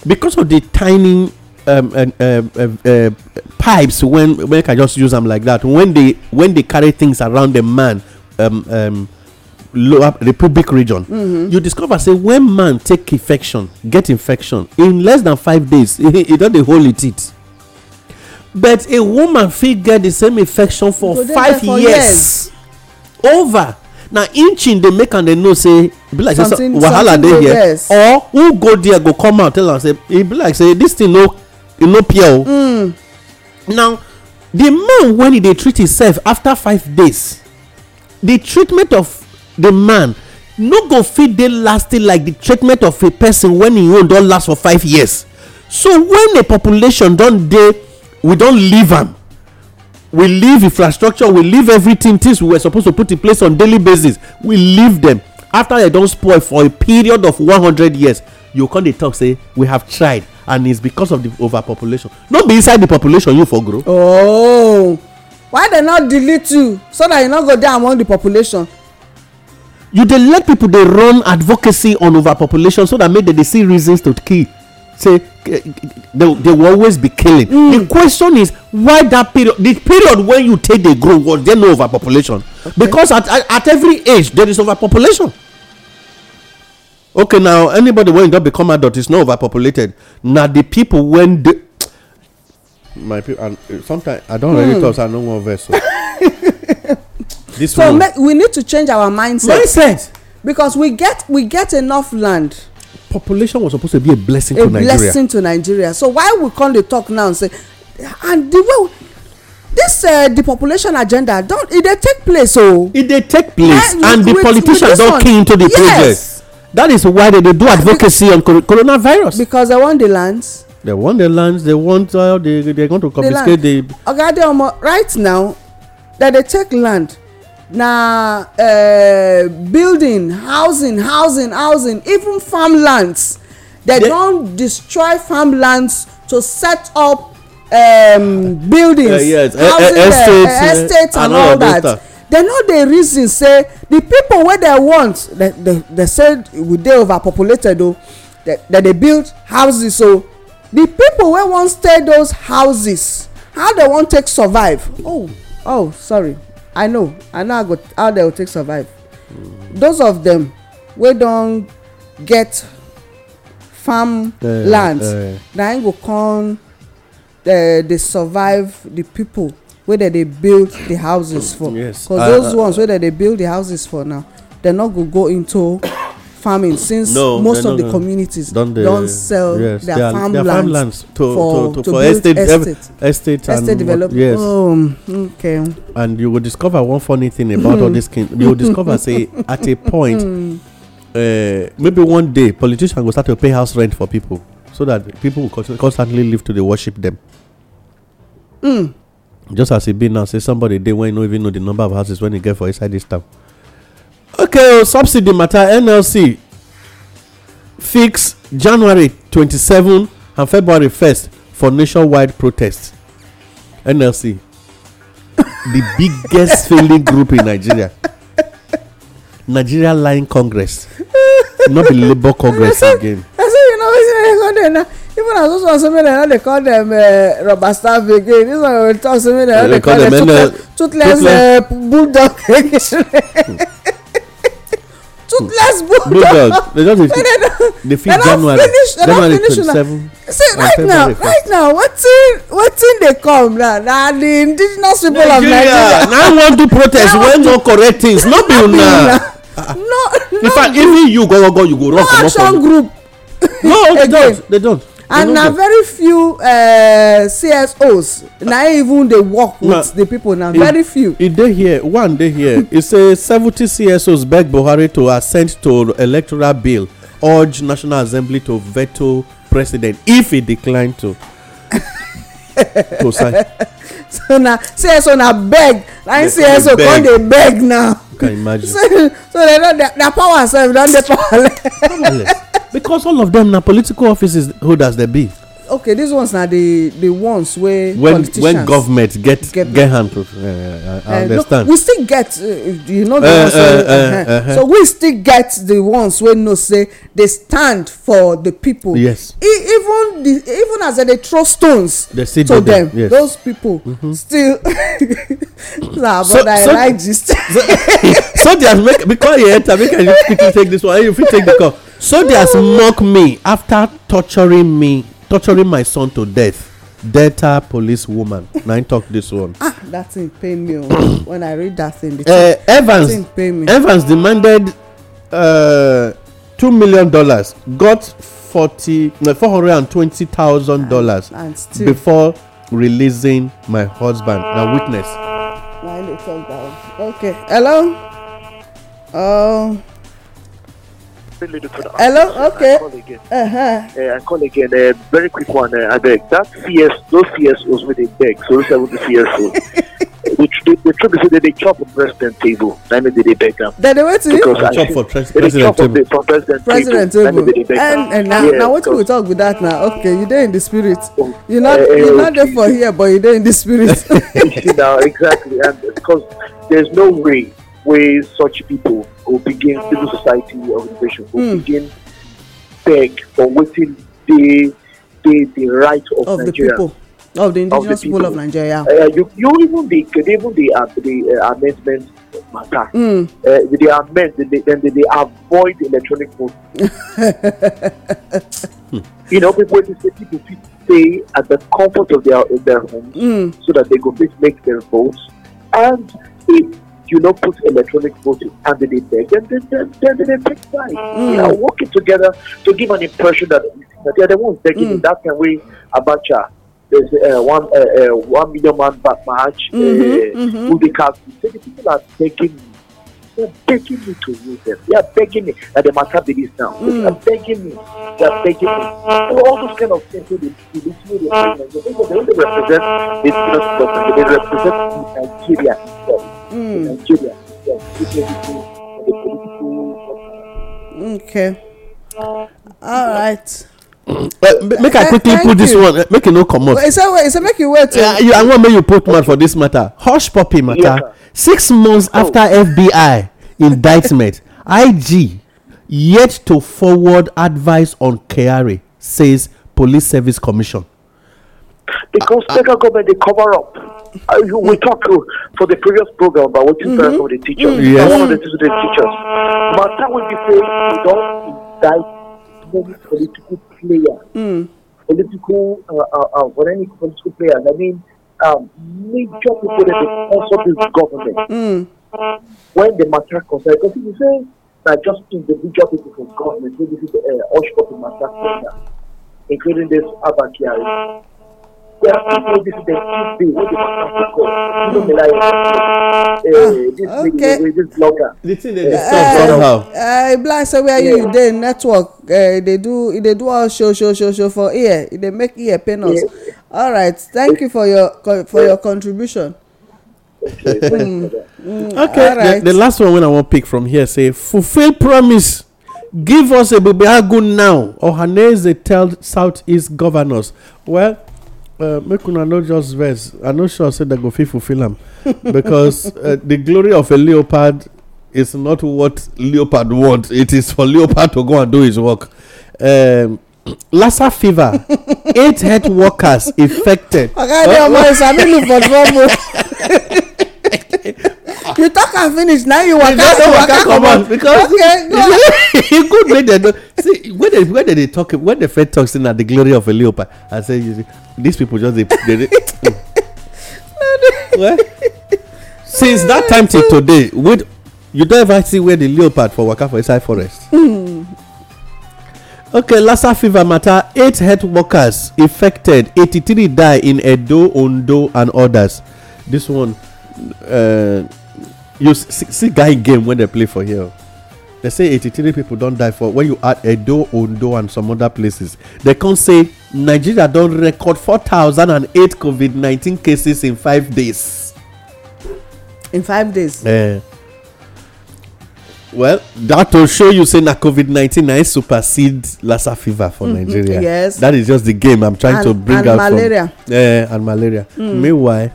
because of the tiny um, uh, uh, uh, uh pipes when when I can just use them like that when they when they carry things around the man um, um, lower the pubic region mm-hmm. you discover say when man take infection get infection in less than five days e don dey hold e teeth but a woman fit get the same infection for so five years, years over na inching dey make am dey know say e be like say wahala dey here or who go there go come out tell am say e be like say this thing no no pure o hmm. now the man wen e dey treat himself after five days the treatment of the man no go fit dey lasting like the treatment of a person wen e own don last for five years so when a population don dey we don leave am we leave infrastructure we leave everything things we were supposed to put in place on daily basis we leave them after they don spoil for a period of one hundred years you come dey talk say we have tried and it's because of the overpopulation no be inside the population you for grow. oh why dem no delete you so that you no go dey among the population. you dey let people dey run advocacy on overpopulation so that make dem dey see reasons to kill say they they will always be killing mm. the question is why that period the period when you take dey grow was there no overpopulation because at at every age there is overpopulation okay now anybody wey don become adult is not overpopulated na the people when dey my people uh, sometimes i don really mm. talk say i no wan vex so we need to change our mindset mindset because we get we get enough land population was supposed to be a blessing a to nigeria a blessing to nigeria so why we come dey talk now and say and the way this uh, population agenda don e dey take place o. e dey take place uh, and with, the politicians don key into the yes. project that is why they dey do advocacy Be on coronavirus. because they want the lands. they want the lands they want uh, they they want to confiscate the. oga adeomo right now dem dey take land na uh, building housing housing housing even farmlands they don destroy farmlands to set up um, buildings uh, yes. Eh, housing uh, estate, uh, estate and all that they no dey reason say the people wey they want they they, they say we dey overpopulated o they they dey build houses so the people wey wan stay those houses how they wan take survive oh oh sorry i know i know go how dem take survive those of them, wey don get farm eh, eh, land eh. na im go come dey survive the people wey dem dey build the houses for yes. cause those ones wey dem dey build the houses for now dem no go go into farming since no, most of the communities don't, they, don't sell yes, their, their, farmlands, their farmlands to, for, to, to, for estate, estate, estate, estate development. Yes. Oh, okay. And you will discover one funny thing about all this. Kin- you will discover, say, at a point, uh, maybe one day, politicians will start to pay house rent for people so that people will constantly live to they worship them. Mm. Just as it be now, say somebody they not even know the number of houses when they get for inside this town okay oh, subsidy matter nlc fix january twenty-seven and february first for nationwide protest nlc the biggest failing group in nigeria nigeria line congress not be labour congress again i say you know wetin dem call them na even as those ones wey dem no dey call them uh, rubber stamp again this one we talk say make dem no dey call them toothless toothless uh, bulldog ruthless bulldogs bulldogs they just dey fit january january twenty-seven see right now right now wetin wetin dey come na na the indigenous people of nigeria na want to protest wey no correct things Not be una no ah, ah. no in fact even you go go you go run comot no action group no they don't they don't and na very few uh, eh, csos na e even dey work with the people na e very few. e dey here one dey here e say seventy csos beg buhari to assent to electoral bill urge national assembly to veto president if he decline to to sign. so na cso na beg na e cso come dey beg now. you can imagine. so so they don their power sef don dey powerless. powerless because all of them na political offices holders dem be okay these ones na the the ones wey when when government get get hand to i uh, uh, eh, understand we still get uh, you know the eh, ones eh, uh-huh. so we still get the ones wey know say they stand for the people yes e, even the even as dem dey throw stones to dem those people mm-hmm. still na but i like gist so so there's make because you enter make i quickly take this one you fit take the call So they has me after torturing me, torturing my son to death. Delta police woman. Now I talk this one. Ah, that thing pain me. Oh. when I read that thing, uh, Evans, that thing Evans demanded uh, two million dollars. Got forty, no, four hundred and twenty thousand dollars before releasing my husband. Now witness. Now I talk that one. Okay. Hello. Oh. Hello, okay. Uh-huh. Eh, i call again. Uh-huh. Eh, uh, I call again. Uh, very quick one, uh, I beg. That CS, those CSOs with the beg, so this are with the CS. Which the, the truth is that they chop on president table. That means they beg them. Then they went to because I chop for pres- they president chop table. For president, president table. table. And, and, and now, yeah, now what we talk with that now? Okay, you're there in the spirit. Oh, you're not uh, you're not there for here, but you're there in the spirit. you now exactly, and because there's no way where such people go begin civil mm. society organizations go mm. begin beg for waiting they they the right of, of Nigeria. The people. Of the indigenous of the people. of Nigeria. Uh, uh, you, you even the even the uh, the uh, amendment matter. Mm. Uh, they amend then they, they avoid electronic vote. you know, people say people stay at the comfort of their in their homes mm. so that they go make their votes and if you know, put electronic voting and they did beg and then, then, then they take sides. Mm. They are working together to give an impression that, that they are the ones taking Mm. In that can we, Abacha, there's uh, one uh, uh, one million man back match mm-hmm, uh, mm-hmm. So the people are taking they're begging me to use them. They are begging me that they must have the now. Mm. They are hmm. begging me. They are begging me. So all those kind of things so they, they, they, only represent this person. They represent Nigeria hmm. Nigeria Okay. All right. Uh, make I quickly uh, put this one. Make it no commotion. Is that? Is that? make you wait. Uh, you, I want make you put okay. man for this matter. Hush puppy matter. Yeah. Six months oh. after FBI indictment, IG yet to forward advice on Kyari, says Police Service Commission. Because uh, uh federal government they cover up. Uh, we mm. talked uh, for the previous program about what is mm-hmm. the teachers. Mm-hmm. Yes. One of the teachers. teachers. Martha will be saying we don't indict political player. Mm. Political, uh, uh, uh, political player. I mean, um, major people that also sponsor this government mm. when the matter concern because if you say na just individual people from government wey dey fit uh, hush up the matter further including this abba there are people wey dey fit dey keep bill wey matter for court even melaya this uh, ah, okay. wey this blogger. the thing dey dey sell somehow. e blind say where yeah. you The network uh, eh, dey do They do all show show show show for ear They make ear pain us. Yeah all right thank you for your for your contribution mm. Mm. okay all right. the, the last one when i want pick from here say fulfill promise give us a bebeagu now ohaneze tell southeast governors well uh, make una no just vex i no sure say dem go fit fulfill am because uh, the glory of a leopard is not what leopard want it is for leopard to go and do his work um, lassa fever eight health workers affected. ọ̀gá ni ọmọ ìsàmìlù for trouble. you talk am finish now you waka you waka comot. because okay, go. e good make dem know see when dem when dem dey talk when dem first talk say na the glory of a leopard i say you see these people just dey dey dey. well since that time till today wait you don ever see where the leopard for waka for inside forest. Mm okay lassa fever matter eight health workers affected. Eighty-three die in edo ondo and others this one uh, you see, see guy game when they play for here they say eighty-three people don die for when you add edo ondo and some other places they come say nigeria don record four thousand and eight covid nineteen cases in five days in five days uh, Well, that will show you say na COVID nineteen na supersede Lassa fever for mm-hmm. Nigeria. Yes, that is just the game I'm trying and, to bring and out malaria. from. Uh, and malaria. Mm. Meanwhile,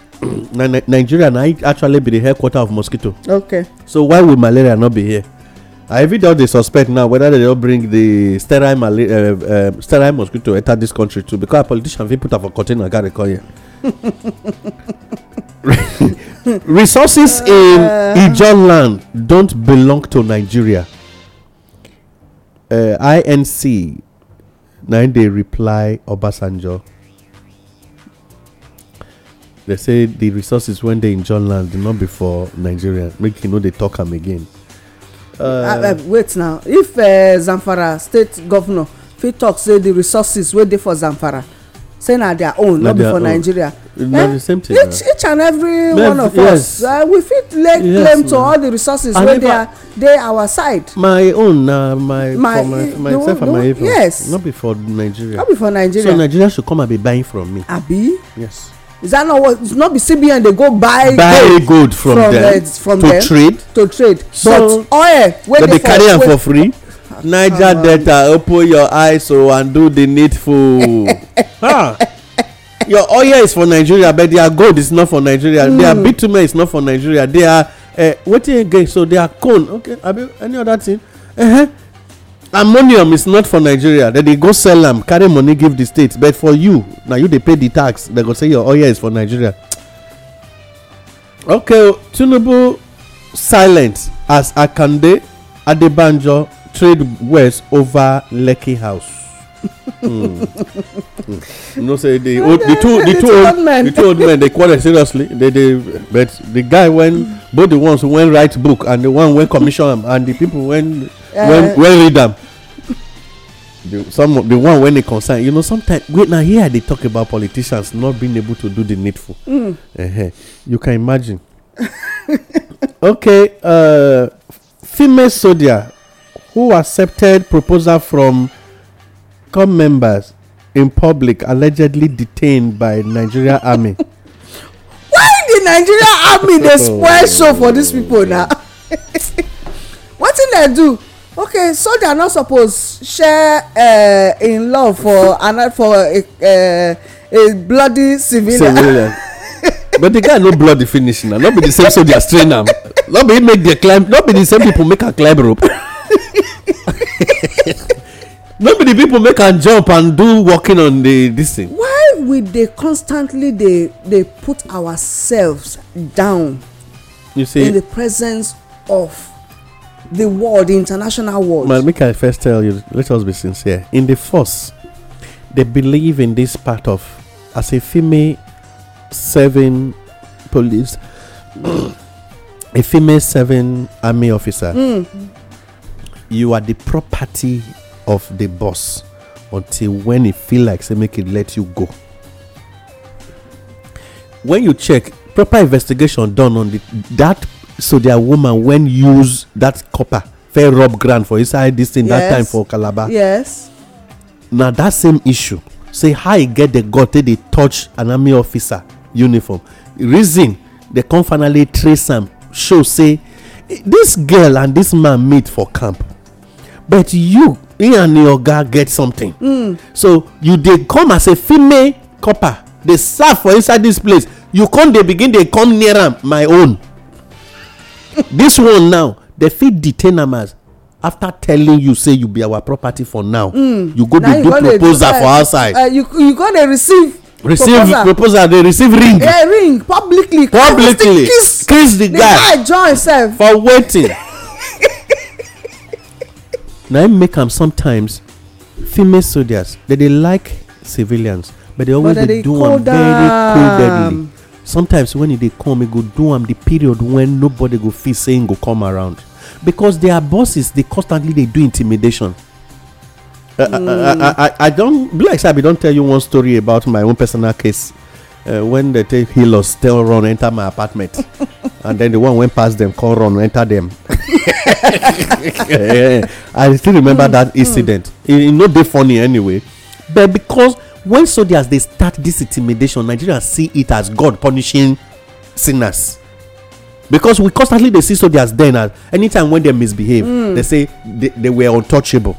na, na, Nigeria na actually be the headquarter of mosquito. Okay. So why would malaria not be here? I even doubt they suspect now whether they don't bring the sterile malaria, uh, eh, uh, eh, sterile mosquito enter this country too because our politicians fit put am a container and carry come here resources in uh. Ijan land don't belong to Nigeria. Uh, INC, nine they reply Obasanjo. They say the resources when they in John land, not before Nigeria. Make you know they talk them again. Uh uh, uh, uh, wait now. If Zamfara state governor, if he talks, say the resources where they for Zamfara. Saying na their own not be for nigeria eh each and every one of us uh, we fit lay claim to all the resources wey dey our side my own na my for eh, myself and my info yes not be for nigeria not be for nigeria so nigeria should come and be buying from me abi yes is that not what it's not be cbn dey go buy buy gold from From them eh, to trade to trade but oil wey dey for carry am for free niger delta open your eyes o oh, and do the needful ah. your oil is for nigeria but their gold is not for nigeria their hmm. bitumen is not for nigeria They their wetin again so they are cone okay abi any other thing uh-huh. ammonium is not for nigeria dem dey go sell am carry money give the state but for you na you dey pay the tax They go say your oil is for nigeria okay oh, tinubu silent as akande adebanjo trade west over lekki house you hmm. know hmm. say the old the two the two old men the two old men dey quarrel seriously they dey but the guy when both the ones wen write book and the one wen commission am and the people wen wen read am the some the one when they concern you know sometimes wait now here they talk about politicians not being able to do the needful mm. uh-huh. you can imagine okay uh female soldier who accepted proposal from COM members in public allegedly detained by Nigeria Army. Why the Nigeria Army dey oh. spoil show for these people now? Wetin dem do? Okay, soldier no suppose share uh, im love for for a, uh, a bloody civilian. civilian. but the guy no bloody finish na no be the same soldier strain am no be him make the climb no be the same people make am climb rope no be the people make am jump and do working on the this thing. why we dey constantly dey dey put ourselves down. you see in the presence of the world the international world. man make i first tell you let us be sincere in the force they believe in this part of as a female serving police a female serving army officer. Mm you are the property of the boss until when e feel like say make e let you go when you check proper investigation done on the that so dia woman when use that copper fair rub ground for inside this thing that time for calabar yes na that same issue say how e get the gut take dey touch an army officer uniform reason dem come finally trace am show say eh, this girl and this man meet for camp but you he and your oga get something mm. so you dey come as a female copper dey serve for inside this place you come dey begin dey come near am my own This one now dem fit detain am as after telling you say you be our property for now mm. you go dey do proposal for outside uh, you go dey receive receive proposal dey receive ring ring publicly publicly kiss the guy guy join for waiting. na im make am sometimes female soldiers dem dey like civilians but dem always dey do am very coldly sometimes when e dey come e go do am The period when nobody go feel say im go come around because their bosses dey constantly dey do intimidation i i i i don't be like say i bin don tell you one story about my own personal case uh, when they take hilos tell run enter my apartment and then the one went past them call run enter them yeah, eh, i still remember mm, that hmm, hmm. incident mm. it, it no dey funny anyway but because when soldiers dey start this intimidation nigerians see it as god punishing sinners because we constantly dey see soldiers then as anytime when dem misbehave mm. they say they, they were untouchable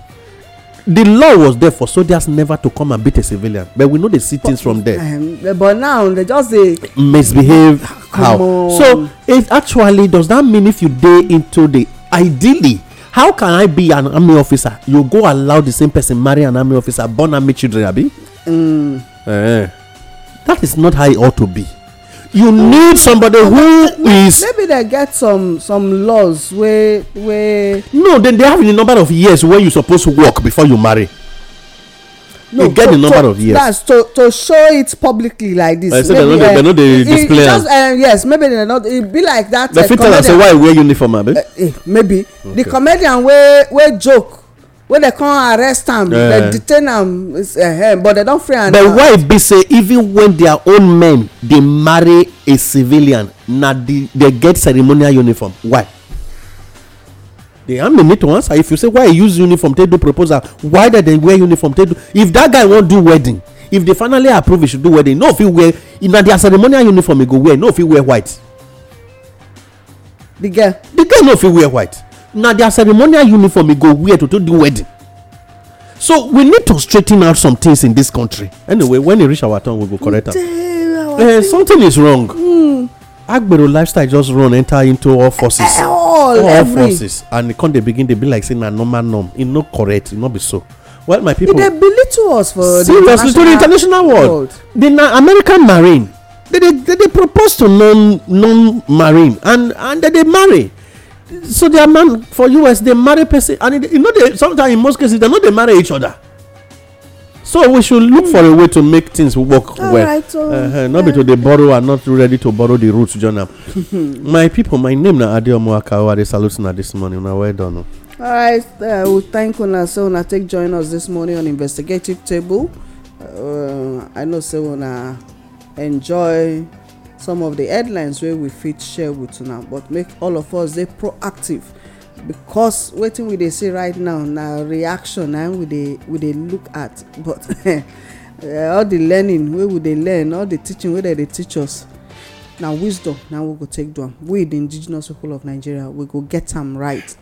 the law was there for soldiers never to come and beat a civilian but we know they see things from there. Um, but now they just dey. misbehave how so it actually does that mean if you day into the ideally how can i be an army officer you go allow the same person marry an army officer born army children abi. Mm. Uh, that is not how it ought to be you need somebody who is. maybe they get some some laws wey wey. no then they have the number of years wey you suppose work before you marry. no get the number of years that's to to show it publicly like this maybe say dem no dey display am uh, yes maybe they no e be like that. dem fit tell am say why you wear uniform abi. Uh, eh, maybe the comedian wey wey joke When they come arrest am they eh. detain am eh, eh, but they don free am but why be say even when their own men dey marry a civilian na the they get ceremonial uniform why the army need to answer if you say why you use uniform take do proposal why did they wear uniform take do if that guy wan do wedding if they finally approve he should do wedding no fit wear na their ceremonial uniform he go wear no fit wear white. the girl the girl no fit wear white na their ceremonial uniform e go wear to do wedding so we need to straighten out some things in this country anyway when e reach our turn we go correct am uh, something is wrong mm. agbero lifestyle just run enter into all forces eh, eh, all, all forces and e come dey begin dey be like say na normal norm e no correct e no be so well my people e dey belittle us for the international world to the international world the na american marine they dey they dey propose to non non marine and and they dey marry so their man for us dey marry person and e no dey sometimes in most cases dem no dey marry each other so we should look for a way to make things work well uh-huh, not be to dey borrow and not ready to borrow the root join am my people my name na adeomu akawo i dey salute una this morning una well done o oh. alright uh, we thank una say una take join us this morning on investigative table uh, i know say una enjoy some of the headlines wey we fit share with una but make all of us dey proactive because wetin we dey see right now na reaction na we dey look at but eh, all the learning wey we dey learn all the teaching wey dem dey teach us na wisdom na we go take do am we di indigenous people of nigeria we go get am right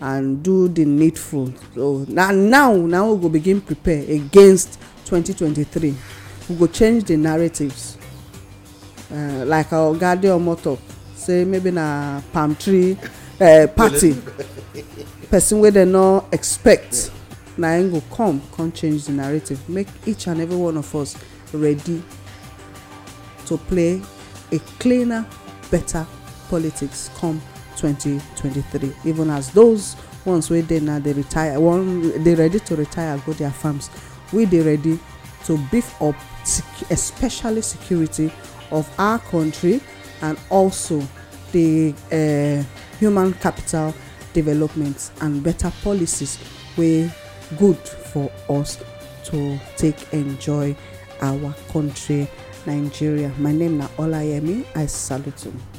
and do the needful so na now na we go begin prepare against 2023 we go change the narratives Uh, like our ogade omoto say maybe na palm tree uh, party person wey dem no expect na im go come come change the narrative make each and every one of us ready to play a cleaner better politics come 2023 even as those ones wey dey na dey retire one dey ready to retire go their farms we dey ready to beef up especially security of our country and also the uh, human capital development and better policies wey good for us to take enjoy our country nigeria my name na olayemi i salute you.